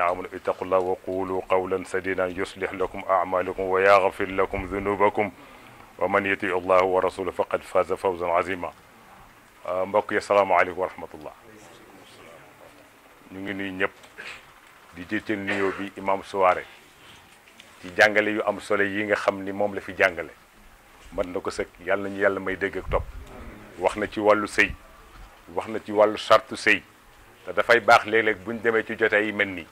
الذين آمنوا اتقوا الله وقولوا قولا سديدا يصلح لكم أعمالكم ويغفر لكم ذنوبكم ومن يطيع الله ورسوله فقد فاز فوزا عظيما mbokk yi asalaamaaleykum wa rahmatullah ñu ngi nuyu ñëpp di jiital nuyoo bi imam Souare ci jàngale yu am solo yi nga xam ni moom la fi jàngale man na ko sëkk yàlla nañu yàlla may dégg ak topp wax na ci wàllu sëy wax na ci wàllu sartu sëy te dafay baax léeg-léeg bu ñu demee ci jotaay yi mel nii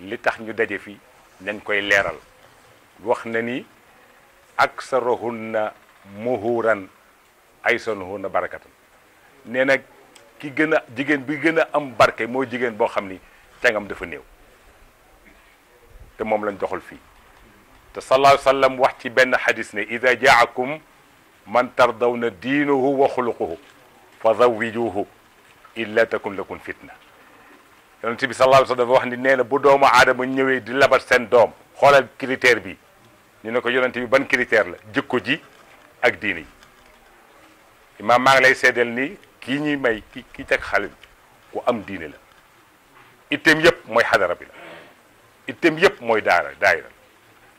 li tax ñu daje fi nañ koy leeral wax na ni aksaruhunna muhuran aysanuhunna barakatan nee na ki gën a jigéen bi gën a am barke mooy jigéen boo xam ni cangam dafa néew te moom lañ doxal fii te sallallahu alayhi wa sallam wax ci benn xadis ne ida jaakum man tardawna diinuhu wa xuluquhu fa zawijuhu illa takun lakum fitna yonent bi sallallahu alayhi wa sallam dafa wax ni nee na bu doomu aadama ñëwee di labat seen doom xoolal critère bi ñu ne ko yonent bi ban critère la jikko ji ak diini yi imaam maa ngi lay seddal ni kii ñuy may ki ki teg xale bi ku am diine la itteem yëpp mooy xadara bi la itteem yëpp mooy daara daayira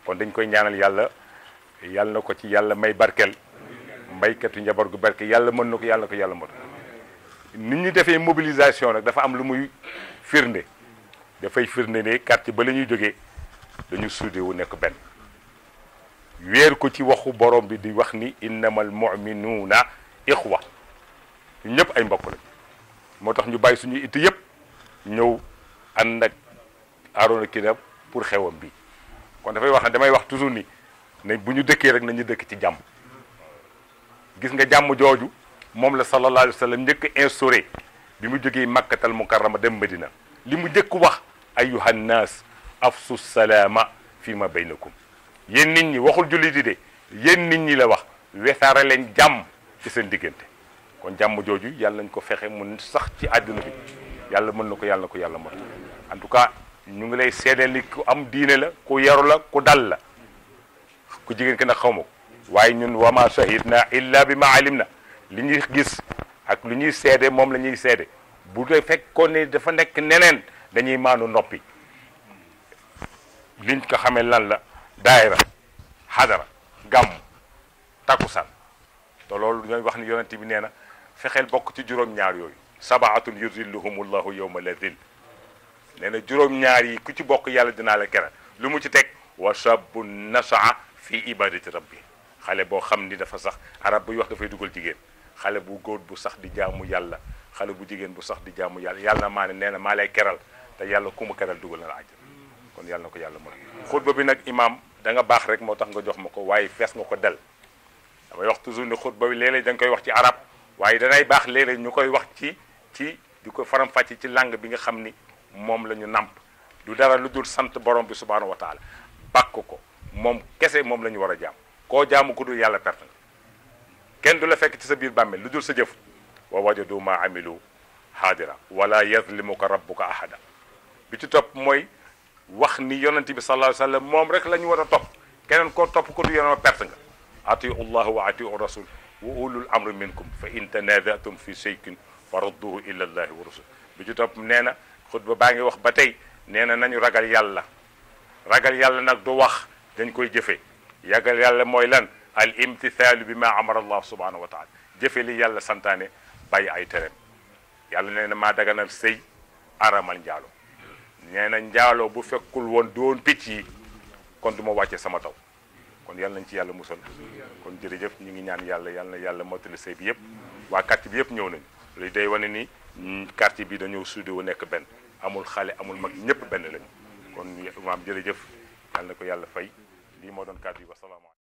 kon dañ koy ñaanal yàlla yàlla na ko ci yàlla may barkeel mbaykatu njaboot gu barke yàlla mën na ko yàlla na ko yàlla mën nit ñi defee mobilisation rek dafa am lu muy firnde dafay firnde ne quartier ba la ñuy jógee dañu suude wu nekk benn weer ko ci waxu borom bi di wax ni innamal muminuuna ixwa ñu ñëpp ay mbokk lañ moo tax ñu bàyyi suñu it yëpp ñëw ànd ak Arona Kidab pour xewam bi kon dafay wax ne damay wax toujours ni ne bu ñu dëkkee rek nañu dëkk ci jàmm gis nga jàmm jooju moom la sallallahu alayhi wa njëkk instauré bi mu jógee makkatal mukarrama dem madina li mu njëkk wax ayuha nnaas afsu salaama fi ma baynakum yéen nit ñi waxul julli di de yéen nit ñi la wax wesaare leen jàmm ci seen diggante kon jàmm jooju yàlla nañ ko fexe mun sax ci àdduna bi yàlla mën na ko yàlla na ko yàlla mot en tout cas ñu ngi lay seede li ku am diine la ku yaru la ku dal la ku jigéen ki nag xaw ma ko waaye ñun wama shahid illa bi ma na li ñuy gis ak lu ñuy seede moom la ñuy seede bu dee fekkoon ne dafa nekk neneen dañuy maanu noppi liñ ko xamee lan la daayira xadara gàmm takkusaan te loolu ñooy wax ni yonente bi nee na fexeel bokk ci juróom-ñaar yooyu sabaatun yuzilluhumullahu yawma la zil nee na juróom-ñaar yi ku ci bokk yàlla dinaa la kera lu mu ci teg wa shabu nasaa fi rab rabbi xale boo xam ni dafa sax arab buy wax dafay dugal jigéen xale bu góor bu sax di jaamu yàlla xale bu jigéen bu sax di jaamu yàlla yàlla na maa ne nee na maa lay keral te yàlla ku mu keral dugal na la àjjana kon yàlla ko yàlla mën xutba bi nag imaam da nga baax rek tax nga jox ma ko waaye fees nga ko del damay wax toujours ni xutba bi léeg-léeg koy wax ci arab waaye danay baax léeg ñu koy wax ci ci di ko faram-fàcce ci langue bi nga xam ni moom la ñu nàmp du dara lu dul sant borom bi subhaanahu wa taala bàkk ko moom kese moom la ñu war a jaam koo jaamu ku yàlla perte kenn du la fekk ci sa biir bàmmeel lu dul sa jëf wa wajadu ma amilu xaadira wala yazlimuka rabbuka ahada bi ci topp mooy wax ni yonent bi sallallahu alayhi wa sallam moom rek la ñu war a topp keneen koo topp ko du yonoo perte nga atiu llah wa atiu rasul wa ulul amri minkum fa in tanazatum fi shay'in farudduhu ila llahi wa rasul bi ci topp nee na xutba baa ngi wax ba tey nee na nañu ragal yàlla ragal yàlla nag du wax dañ koy jëfee yàggal yàlla mooy lan al imtithaalu bi ma amara allah subhanahu wa taala jëfe li yàlla santaane bàyyi ay tereem yàlla nee na maa daganal sëy aramal njaalo nee na njaalo bu fekkul woon doon picc yi kon du ma wàcce sama taw kon yàlla nañ ci yàlla musal kon jërëjëf ñu ngi ñaan yàlla yàlla na yàlla mottali sëy bi yëpp waa quartier bi yëpp ñëw nañ lu day wane ni quartier bi dañoo soudé wu nekk benn amul xale amul mag ñëpp benn lañ kon maam jërëjëf yàlla ko yàlla fay lii moo doon kàddu yi wasalaamaaleykum